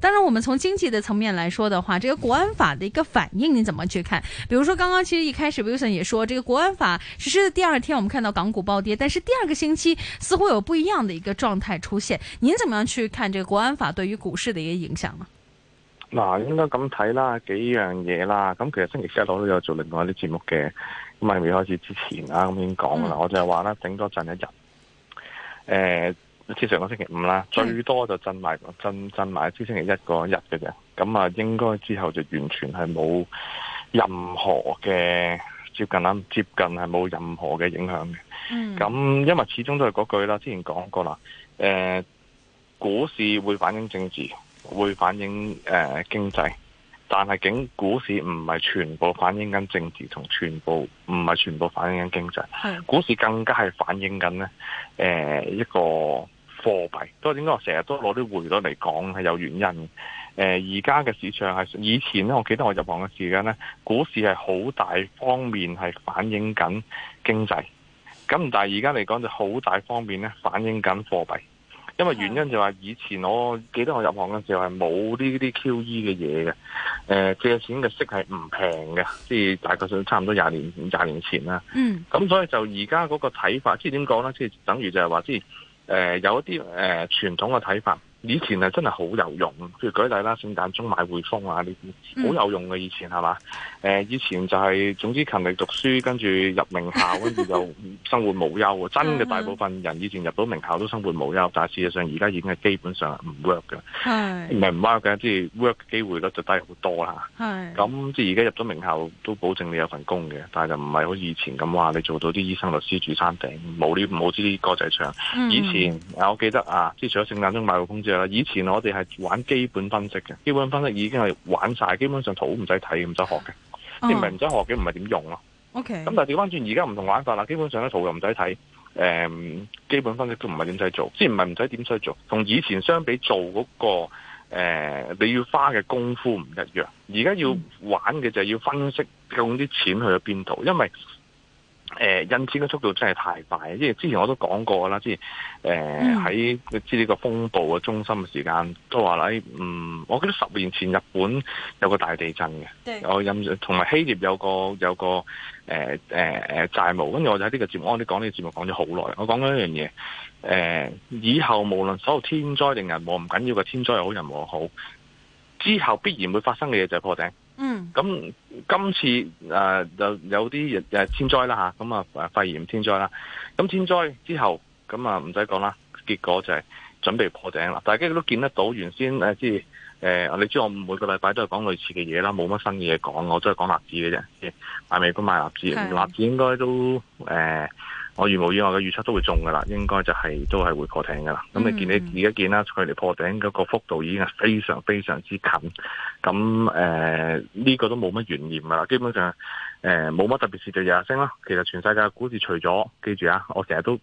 當然，我們從經濟的層面來說的話，這個國安法的一個反應，你怎麼去看？比如說，剛剛其實一開始 Wilson 也說，這個國安法實施的第二天，我們看到港股暴跌，但是第二個星期似乎有不一樣的一個狀態出現。您怎麼樣去看這個國安法對於股市的一個影響呢？嗱，應該咁睇啦，幾樣嘢啦。咁其實星期一我都有做另外一啲節目嘅，咁係未開始之前啦，咁已經講噶啦。嗯、我就係話啦，頂多陣一日，誒、呃。至上個星期五啦，最多就震埋震震埋，至星期一嗰日嘅啫。咁啊，應該之後就完全係冇任何嘅接近啦，接近係冇任何嘅影響嘅。咁、嗯、因為始終都係嗰句啦，之前講過啦。誒、呃，股市會反映政治，會反映誒、呃、經濟，但係景股市唔係全部反映緊政治，同全部唔係全部反映緊經濟。的股市更加係反映緊呢誒一個。貨幣，所以點解我成日都攞啲匯率嚟講係有原因嘅。誒，而家嘅市場係以前咧，我記得我入行嘅時間咧，股市係好大方面係反映緊經濟。咁但係而家嚟講就好大方面咧反映緊貨幣，因為原因就話以前我記得我入行嘅時候係冇呢啲 QE 嘅嘢嘅。誒、呃，借錢嘅息係唔平嘅，即係大概上差唔多廿年廿年前啦。嗯。咁所以就而家嗰個睇法，即係點講咧？即係等於就係話即係誒、呃，有一啲誒傳統嘅睇法。以前啊真係好有用，譬如舉例啦，聖誕中買匯豐啊呢啲，好有用嘅以前係嘛，嗯呃？以前就係、是、總之勤力讀書，跟住入名校，跟住 就生活無憂。真嘅，大部分人以前入到名校都生活無憂，嗯嗯，但係事實上而家已經係基本上唔 work 㗎。唔係唔 work 嘅，即、就、係、是、work 機會率就低好多啦。咁，是，即係而家入咗名校都保證你有份工嘅，但係就唔係好似以前咁話你做到啲醫生、律師住山頂，冇啲冇呢啲歌仔唱。嗯，以前我記得啊，即係除咗聖誕中買匯豐之以前我哋係玩基本分析嘅，基本分析已經係玩晒，基本上圖唔使睇，唔使學嘅，即係唔係唔使學嘅，唔係點用咯。OK. 咁但係調翻轉，而家唔同玩法啦，基本上咧圖又唔使睇，誒基本分析都唔係點使做，即係唔係唔使點使做。同以前相比做，做嗰個誒你要花嘅功夫唔一樣。而家要玩嘅就係要分析用啲錢去咗邊度，因為。誒，印錢嘅速度真係太快，因為之前我都講過啦，即係誒喺知呢個風暴嘅中心嘅時間，都話喺、哎、嗯，我記得十年前日本有個大地震嘅，我認同埋希臘有個有個誒誒誒債務，跟住我就喺呢個節目，我哋講呢個節目講咗好耐，我講咗一樣嘢，誒、呃，以後無論所有天災定人禍唔緊要嘅天災又好人禍好，之後必然會發生嘅嘢就係破頂。嗯，咁今次誒、呃、有有啲誒天災啦吓，咁啊誒肺炎天災啦，咁天災之後，咁啊唔使講啦，結果就係準備破頂啦，大家都見得到原先誒即係誒，你知我每個禮拜都係講類似嘅嘢啦，冇乜新嘢講，我都係講納指嘅啫，係咪？買美股買納指，納指是應該都誒。呃我如無意外嘅預測都會中㗎啦，應該就係、是、都係會破頂㗎啦。咁、嗯、你見你而家見啦，距離破頂嗰個幅度已經係非常非常之近。咁誒呢個都冇乜懸念㗎啦，基本上誒冇乜特別事就日日升啦。其實全世界股市除咗，記住啊，我成日都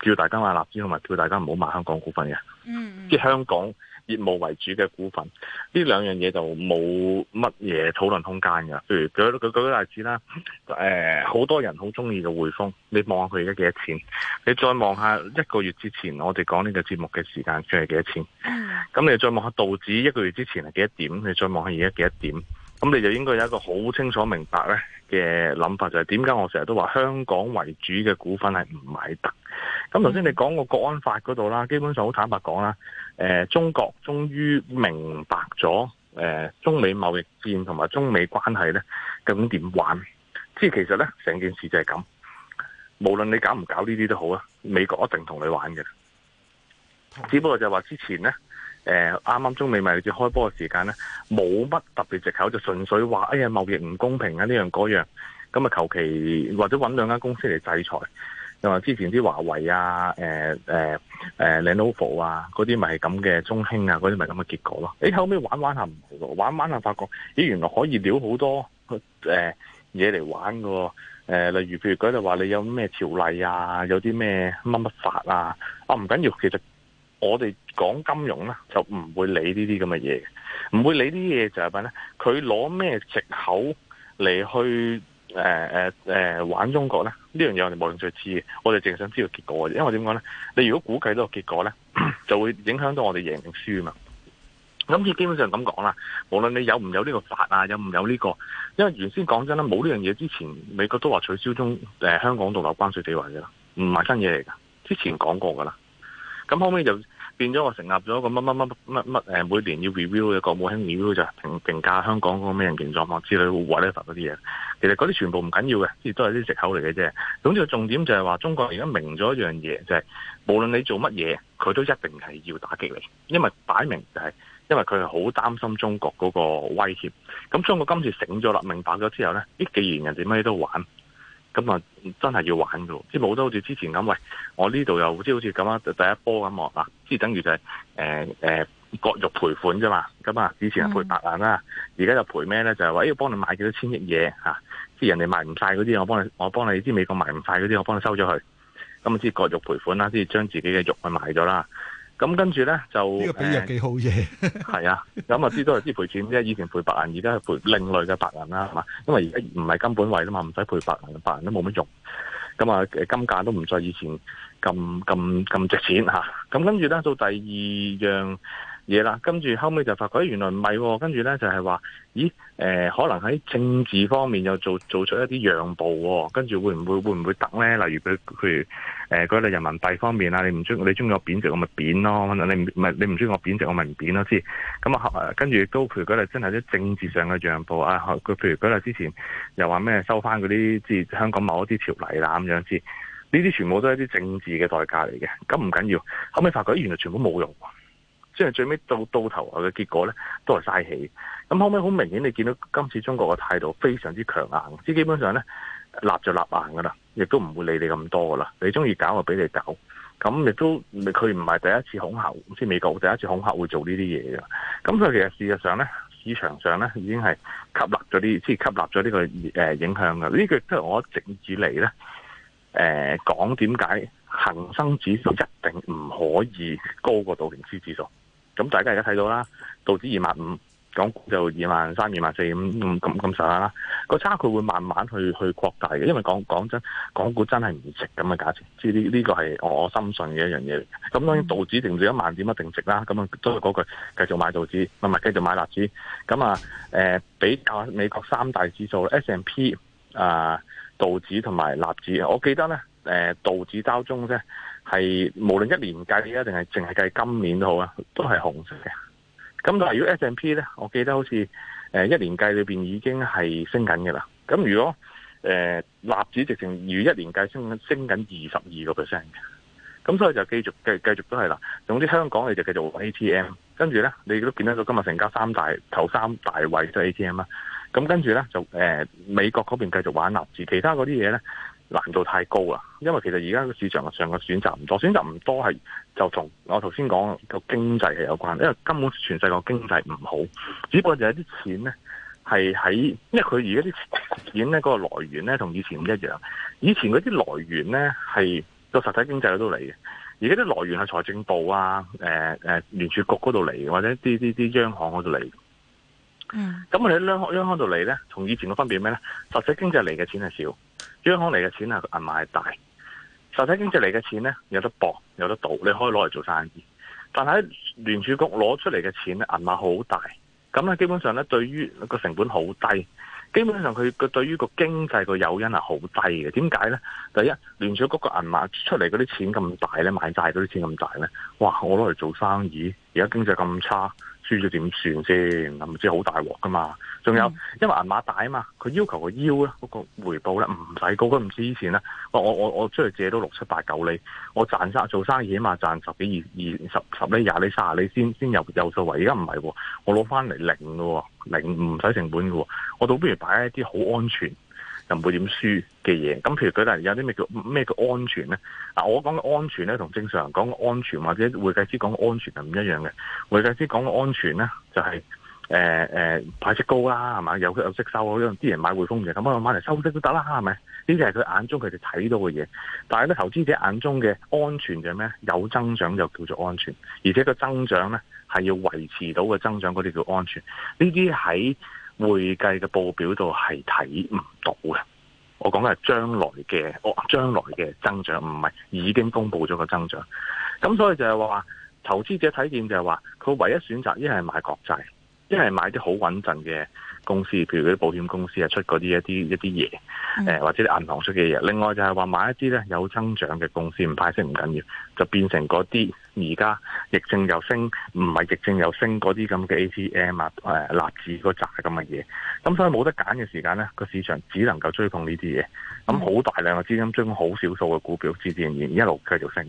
叫大家買納指同埋叫大家唔好買香港股份嘅。嗯。即香港。業務為主嘅股份，呢兩樣嘢就冇乜嘢討論空間噶。譬如舉舉個例子啦，誒、呃，好多人好中意嘅匯豐，你望下佢而家幾多錢？你再望下一個月之前我哋講呢個節目嘅時間，佢係幾多錢？咁你再望下道指一個月之前係幾多點？你再望下而家幾多點？咁你就應該有一個好清楚明白呢嘅諗法，就係點解我成日都話香港為主嘅股份係唔買得？咁頭先你講過國安法嗰度啦，基本上好坦白講啦。誒、呃，中國終於明白咗，誒、呃，中美貿易戰同埋中美關係咧，究竟點玩？即係其實咧，成件事就係咁，無論你搞唔搞呢啲都好啦，美國一定同你玩嘅。只不過就話之前咧，誒、呃，啱啱中美貿易戰開波嘅時間咧，冇乜特別藉口，就純粹話，哎呀，貿易唔公平啊，呢樣嗰樣，咁啊求其或者揾兩間公司嚟制裁。又話之前啲華為啊，誒誒誒 Lenovo 啊，嗰啲咪係咁嘅中興啊，嗰啲咪咁嘅結果咯。咦，後尾玩玩下唔好喎，玩玩下發覺咦，原來可以料好多誒嘢嚟玩嘅喎。誒，例如譬如講就話你有咩條例啊，有啲咩乜乜法啊，啊，唔緊要，其實我哋講金融咧，就唔會理呢啲咁嘅嘢，呢，唔會理啲嘢就係話咧，佢攞咩藉口嚟去。誒誒誒，玩中國咧呢樣嘢，我哋無論再知，我哋淨係想知道結果。因為點講咧？你如果估計到個結果咧， 就會影響到我哋贏定輸啊！咁所以基本上咁講啦，無論你有唔有呢個法啊，有唔有呢、呢個，因為原先講真啦，冇呢樣嘢之前，美國都話取消中誒、呃、香港獨立關稅地位嘅啦，唔係新嘢嚟噶，之前講過噶啦。咁後尾就。變咗我成立咗個乜乜乜乜乜誒，每年要 review 嘅國務卿 review 就係評評價香港嗰個咩人權狀況之類，whatever 嗰啲嘢。其實嗰啲全部唔緊要嘅，亦都係啲藉口嚟嘅啫。總之個重點就係話，中國而家明咗一樣嘢，就係、是、無論你做乜嘢，佢都一定係要打擊你，因為擺明就係、是、因為佢係好擔心中國嗰個威脅。咁中國今次醒咗啦，明白咗之後咧，呢既然人哋乜嘢都玩。咁啊，真係要玩嘅，即係冇得好似之前咁，喂，我呢度又即係好似咁啊，第一波咁啊，即係等於就係誒誒割肉賠款啫嘛，咁啊，以前係賠白銀啦，而家、嗯、就賠咩咧？就係、是、話，要、欸、幫你買幾多千億嘢嚇，即、啊、人哋賣唔晒嗰啲，我幫你，我幫你，啲美國賣唔晒嗰啲，我幫你收咗佢，咁啊，即係割肉賠款啦，即係將自己嘅肉去賣咗啦。咁、嗯、跟住咧就呢幾好嘢，係、 嗯、啊，咁啊知都係啲賠錢即係，以前賠白銀，而家係賠另類嘅白銀啦，係嘛？因為而家唔係金本位嘛，唔使賠白銀，白銀都冇乜用。咁、嗯、啊，金價都唔再以前咁咁咁值錢嚇。咁跟住咧，到第二樣嘢啦，跟住後尾就發覺，原來唔係喎。跟住咧就係話，咦？誒、呃，可能喺政治方面又做做出一啲讓步喎、哦。跟住會唔會會唔會得咧？例如佢佢誒嗰啲人民幣方面啊，你唔中你中意我貶值，我咪貶咯。你唔咪你唔中意我貶值，我咪唔貶咯。先咁啊？跟住亦都譬如嗰啲真係啲政治上嘅讓步啊。佢譬如嗰啲之前又話咩收翻嗰啲即係香港某一啲條例啦咁樣，先呢啲全部都係一啲政治嘅代價嚟嘅。咁唔緊要緊，後尾發覺原來全部冇用。即係最尾到到頭嘅結果咧，都係嘥氣。咁後屘好明顯，你見到今次中國嘅態度非常之強硬，即基本上咧立就立硬噶啦亦都唔會理你咁多噶啦你中意搞就俾你搞，咁亦都佢唔係第一次恐吓，即係美國第一次恐吓會做呢啲嘢嘅。咁所以其實事實上咧，市場上咧已經係吸納咗啲，即係吸納咗呢個誒影響噶。呢句即係我一直以嚟咧，誒講點解恒生指數一定唔可以高過道瓊斯指數？咁大家而家睇到啦，道指二萬五，港股就二萬三、二萬四五。咁咁上下啦。個差距會慢慢去去擴大嘅，因為講講真，港股真係唔值咁嘅價錢，即係呢呢個係我深信嘅一樣嘢。咁當然道指定住一萬點一定值啦，咁啊都係嗰句，繼續買道指，唔係唔係繼續買納指。咁啊誒比較美國三大指數 S&P 啊，道指同埋納指，我記得咧誒道指週中啫。係無論一年計啊，定係淨係計今年都好啊，都係紅色嘅。咁但係如果 S&P 咧，我記得好似誒一年計裏邊已經係升緊嘅啦。咁如果誒納指直情如一年計升升緊二十二個 percent 嘅，咁所以就繼續繼繼續都係啦。總之香港你就繼續玩 A T M，跟住咧你都見得到今日成交三大頭三大位都 A T M 啦。咁跟住咧就誒、呃、美國嗰邊繼續玩納指，其他嗰啲嘢咧，難度太高啊！因為其實而家個市場上個選擇唔多，選擇唔多係就同我頭先講個經濟係有關，因為根本全世界經濟唔好，只不過就係啲錢咧係喺，因為佢而家啲錢咧嗰個來源咧同以前唔一樣，以前嗰啲來源咧係個實體經濟嗰度嚟嘅，而家啲來源係財政部啊、誒、呃、誒、呃、聯儲局嗰度嚟嘅，或者啲啲啲央行嗰度嚟。咁、嗯、我哋喺央行央行度嚟咧，同以前嘅分別咩咧？實體經濟嚟嘅錢係少。央行嚟嘅錢係銀碼係大，實體經濟嚟嘅錢呢，有得搏，有得賭，你可以攞嚟做生意。但係喺聯儲局攞出嚟嘅錢咧銀碼好大，咁咧基本上咧對於個成本好低，基本上佢個對於個經濟個誘因係好低嘅。點解呢？第一聯儲局個銀碼出嚟嗰啲錢咁大咧，買債嗰啲錢咁大咧，哇！我攞嚟做生意，而家經濟咁差。輸咗點算先？唔知好大鑊噶嘛？仲有，嗯、因為銀碼大啊嘛，佢要求個腰咧，嗰個回報咧唔使高，佢唔知以前啦。我我我我出去借都六七八九厘，我賺生做生意起碼，賺十幾二十十厘二十厘三十厘廿厘卅厘先先有有數位。而家唔係，我攞翻嚟零咯，零唔使成本噶。我倒不如擺一啲好安全就唔會點輸嘅嘢，咁譬如佢哋有啲咩叫咩叫安全咧？啊，我講嘅安全咧，同正常人講嘅安全或者會計師講嘅安全係唔一樣嘅。會計師講嘅安全咧，就係誒誒派息高啦，係嘛？有有息收，啲人買匯豐嘅咁啊，買嚟收息都得啦，係咪？呢啲係佢眼中佢哋睇到嘅嘢，但係咧投資者眼中嘅安全就係咩？有增長就叫做安全，而且個增長咧係要維持到嘅增長，嗰啲叫安全。呢啲喺會計嘅報表度係睇唔到嘅，我講嘅係將來嘅，哦、將來嘅增長，唔係已經公布咗個增長。咁所以就係話，投資者睇見就係話，佢唯一選擇一係買國債，一係買啲好穩陣嘅公司，譬如嗰啲保險公司啊，出嗰啲一啲一啲嘢，誒、嗯、或者銀行出嘅嘢。另外就係話買一啲咧有增長嘅公司，唔派息唔緊要，就變成嗰啲而家疫症又升，唔係疫症又升嗰啲咁嘅 ATM 啊，誒、納指嗰扎咁嘅嘢。咁所以冇得揀嘅時間咧，個市場只能夠追捧呢啲嘢，咁好大量嘅資金將好少數嘅股票，自自然然一路繼續升。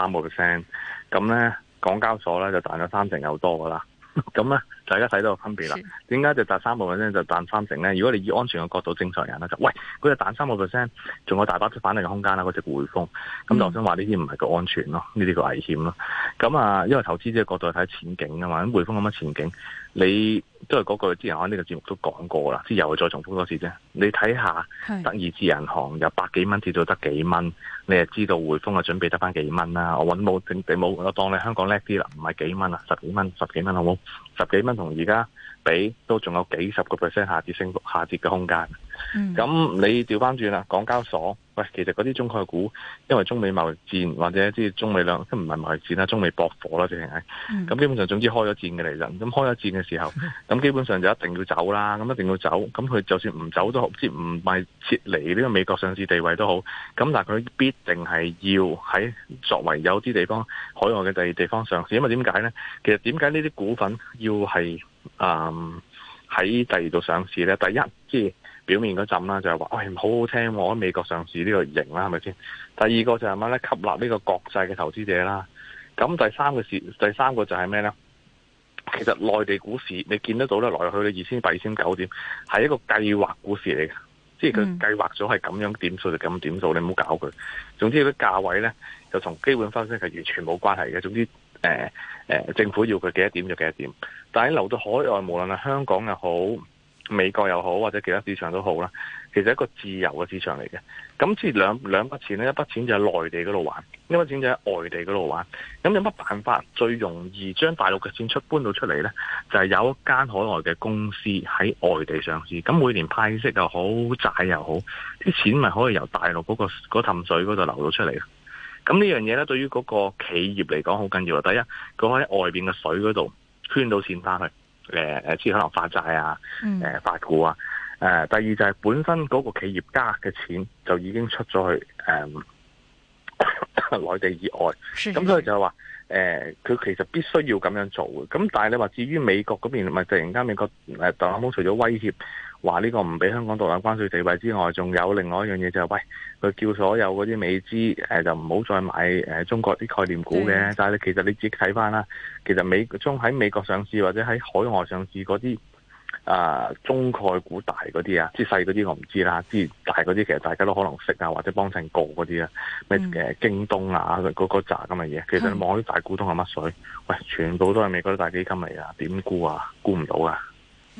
三 percent，咁咧，港交所咧就賺咗三成有多噶啦，咁咧。大家睇到個分別啦，點解就賺三個 percent 呢？就賺三成咧。如果你以安全嘅角度，正常人咧就喂，佢就賺三個 percent，仲有大把出反嚟嘅空間啦。嗰隻匯豐，咁就我想話呢啲唔係個安全咯，呢啲個危險咯。咁啊，因為投資者角度睇前景啊嘛，咁匯豐咁乜前景，你都係嗰句，之前我喺呢個節目都講過啦，之後又再重複多次啫。你睇下，德意志銀行由百幾蚊跌到得幾蚊，你就知道匯豐啊準備得翻幾蚊啦。我揾冇定冇，我當你香港叻啲啦，唔係幾蚊啊，十幾蚊，十幾蚊好冇？十幾蚊同而家。都仲有幾十個 percent 下跌升，升幅下跌嘅空間。咁、嗯、你調翻轉啦，港交所喂，其實嗰啲中概股，因為中美貿易戰或者即係中美兩都唔係貿易戰啦，中美博火啦，直情係咁。嗯、基本上總之開咗戰嘅嚟啦。咁開咗戰嘅時候，咁基本上就一定要走啦。咁一定要走，咁佢就算唔走都好，即係唔係撤離呢個美國上市地位都好。咁但佢必定係要喺作為有啲地方海外嘅地地方上市，因為點解呢？其實點解呢啲股份要係？嗯，喺、um, 第二度上市咧，第一即係表面嗰陣啦，就係話喂，好好聽、哦，我喺美國上市呢個型啦，係咪先？第二個就係乜咧，吸納呢個國際嘅投資者啦。咁第三個事，第三個就係咩咧？其實內地股市你見得到咧，來來去去二千八二千九點，係一個計劃股市嚟嘅，即係佢計劃咗係咁樣點數就咁點數，mm. 你唔好搞佢。總之佢價位咧就同基本分析係完全冇關係嘅。總之。誒誒、呃呃，政府要佢幾多點就幾多點，但係流到海外，無論係香港又好、美國又好，或者其他市場都好啦，其實一個自由嘅市場嚟嘅。咁即係兩兩筆錢呢，一筆錢就喺內地嗰度玩，一筆錢就喺外地嗰度玩。咁有乜辦法最容易將大陸嘅錢出搬到出嚟呢？就係、是、有一間海外嘅公司喺外地上市，咁每年派息又好，債又好，啲錢咪可以由大陸嗰、那個嗰氹水嗰度流到出嚟。咁呢樣嘢咧，對於嗰個企業嚟講好緊要啊。第一，佢喺外邊嘅水嗰度圈到錢翻去，誒誒，即係可能發債啊，誒發股啊。誒，第二就係本身嗰個企業家嘅錢就已經出咗去誒、呃、內 地以外，咁所以就係話，誒，佢其實必須要咁樣做嘅。咁但係你話至於美國嗰邊，咪突然間美國誒特朗普除咗威脅。話呢個唔俾香港獨立關稅地位之外，仲有另外一樣嘢就係、是，喂，佢叫所有嗰啲美資誒就唔好再買誒中國啲概念股嘅。嗯、但係你其實你自己睇翻啦，其實美，中喺美國上市或者喺海外上市嗰啲啊中概股大嗰啲啊，即係細嗰啲我唔知啦，即大嗰啲其實大家都可能識啊，或者幫襯過嗰啲啊，咩誒、嗯、京東啊嗰個扎咁嘅嘢。其實你望啲大股東係乜水？嗯、喂，全部都係美國啲大基金嚟啊，點沽啊？沽唔到啊！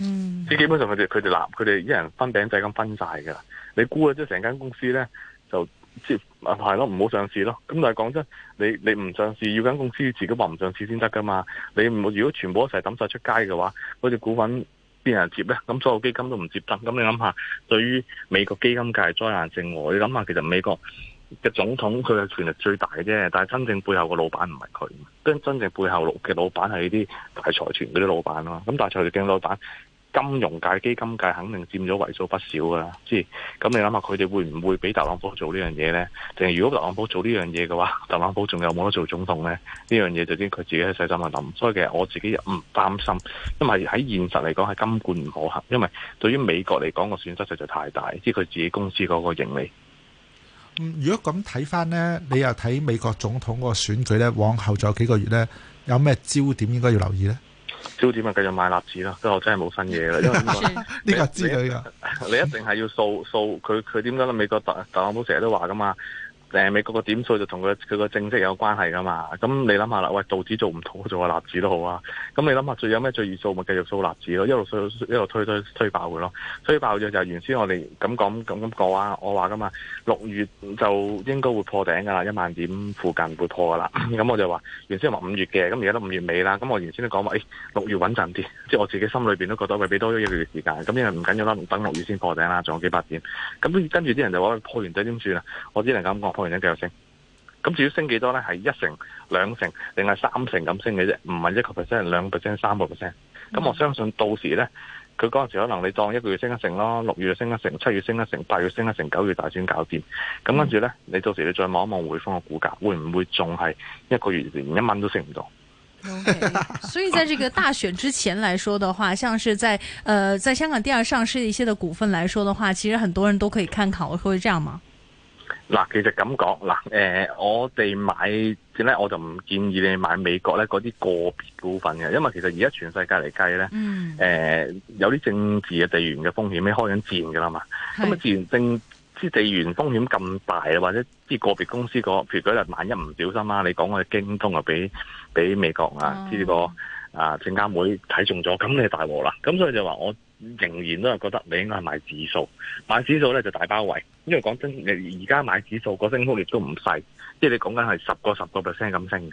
嗯，即係基本上佢哋佢哋攬，佢哋一人分餅仔咁分晒㗎啦。你估啊，即係成間公司咧就即係咯，唔好上市咯。咁但係講真，你你唔上市，要間公司自己話唔上市先得噶嘛。你冇如果全部一齊抌晒出街嘅話，嗰隻股份邊人接咧？咁所有基金都唔接得。咁你諗下，對於美國基金界災難性，我你諗下，其實美國。嘅總統佢嘅權力最大嘅啫，但係真正背後嘅老闆唔係佢，跟真正背後嘅老闆係呢啲大財團嗰啲老闆咯。咁大財團嘅老闆，金融界、基金界肯定佔咗為數不少噶啦。即係咁你諗下，佢哋會唔會俾特朗普做呢樣嘢呢？定係如果特朗普做呢樣嘢嘅話，特朗普仲有冇得做總統呢？呢樣嘢就啲佢自己喺細心嚟諗。所以其實我自己唔擔心，因為喺現實嚟講係金罐唔可行，因為對於美國嚟講個損失實在太大，即係佢自己公司嗰個盈利。嗯，如果咁睇翻咧，你又睇美國總統嗰個選舉咧，往後仲有幾個月咧，有咩焦點應該要留意咧？焦點咪繼續買納指咯，之我真係冇新嘢啦，因為呢個知你一定係要掃掃佢佢點解咧？美國大特，特朗普成日都話噶嘛。誒、美國個點數就同佢佢個政績有關係噶嘛？咁你諗下啦，喂，道指做唔到，做個納指都好啊。咁你諗下，最有咩最易數咪繼續掃納指咯？一路一路推推推爆佢咯，推爆咗就係原先我哋咁講咁咁講啊，我話噶嘛，六月就應該會破頂噶啦，一萬點附近會破噶啦。咁 我就話原先話五月嘅，咁而家都五月尾啦。咁我原先都講話，誒、哎、六月穩陣啲，即 係我自己心裏邊都覺得會俾多咗一月時間。咁因為唔緊要啦，等六月先破頂啦，仲有幾百點。咁跟住啲人就話破完頂點算啊？我只能夠咁講。可能繼續升，咁至於升幾多呢？係一成、兩成，定係三成咁升嘅啫，唔係一個 percent、兩個 percent、三個 percent。咁我相信到時呢，佢嗰陣時可能你當一個月升一成咯，六月升一成，七月升一成，八月升一成，九月大選搞掂。咁跟住呢，你到時你再望一望匯豐嘅股價，會唔會仲係一個月連一蚊都升唔到？所以，在這個大選之前來說的話，像是在呃在香港第二上市一些的股份來說的話，其實很多人都可以參考，會會這樣嗎？嗱，其實咁講，嗱，誒，我哋買咧，我就唔建議你買美國咧嗰啲個別股份嘅，因為其實而家全世界嚟計咧，誒、嗯呃，有啲政治嘅地緣嘅風險你開緊戰噶啦嘛，咁啊是，自然政即係地緣風險咁大啊，或者啲個別公司個，譬如嗰日萬一唔小心、嗯、啊，你講我哋京東啊，俾俾美國啊呢個啊證監會睇中咗，咁你係大鑊啦，咁所以就話我。仍然都係覺得你應該係買指數，買指數咧就大包圍，因為講真，你而家買指數個升幅亦都唔細，即係你講緊係十個十個 percent 咁升。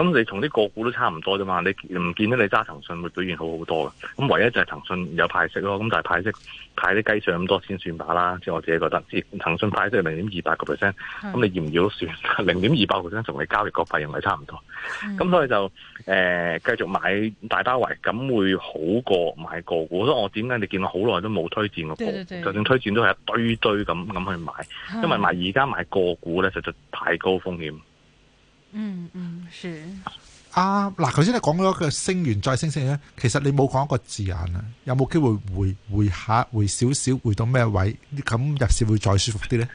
咁你同啲個股都差唔多啫嘛，你唔見得你揸騰訊會表現好好多嘅。咁唯一就係騰訊有派息咯，咁但係派息派啲雞碎咁多先算罷啦。即係我自己覺得，即係騰訊派息零點二八個 percent，咁你要唔要都算，零點二八 percent 同你交易個費用係差唔多。咁是所以就誒、呃、繼續買大包圍咁會好過買個股。所以我點解你見到好耐都冇推薦個股，對對對就算推薦都係一堆堆咁咁去買，是因為買而家買個股咧實在太高風險。嗯嗯，是。阿嗱、啊，頭先你講咗個升完再升升咧，其實你冇講一個字眼啊，有冇機會回回下回少少回到咩位？咁入市會再舒服啲呢？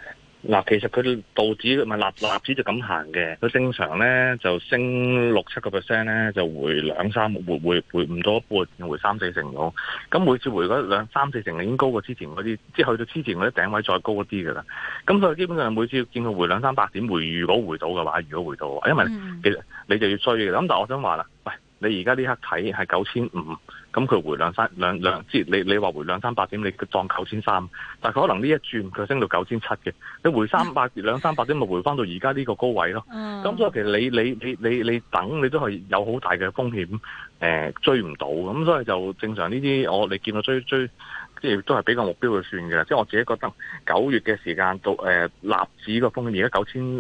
嗱，其實佢道指咪立立納指就咁行嘅，佢正常咧就升六七個 percent 咧，就回兩三，回回回唔到一半，回三四成咁。咁每次回嗰兩三四成已經高過之前嗰啲，即係去到之前嗰啲頂位再高一啲噶啦。咁所以基本上每次見佢回兩三百點回，回如果回到嘅話，如果回到嘅話，因為其實你就要追嘅。咁但係我想話啦，喂，你而家呢刻睇係九千五。咁佢 回兩三兩兩即係你你話回兩三百點，你撞九千三， 但佢可能呢一轉佢升到九千七嘅，你回三百兩 三百點咪回翻到而家呢個高位咯。咁、嗯嗯、所以其實你你你你你等，你都係有好大嘅風險、呃、追唔到咁，所以就正常呢啲我你見我追追，即係都係比較目標就算嘅啦。即我自己覺得九月嘅時間到呃納指個風險而家九千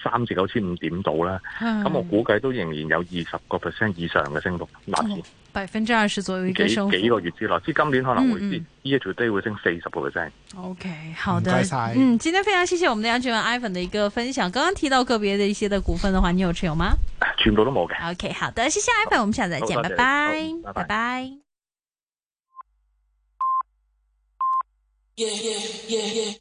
三至九千五點到啦，咁我估計都仍然有二十個 percent 以上嘅升幅納指百分之二十左右一個升幅，幾個月之內，至今年可能會跌，呢一 two day 會升四十個 percent。嗯嗯、OK，好的，謝謝嗯，今天非常謝謝我們的楊俊文 Ivan 的一個分享。剛剛提到個別的一些的股份的話，你有持有嗎？全部都冇嘅。OK，好的，謝謝 Ivan< 好>，我們下次再見，拜拜，拜拜，拜拜。Yeah, yeah, yeah, yeah.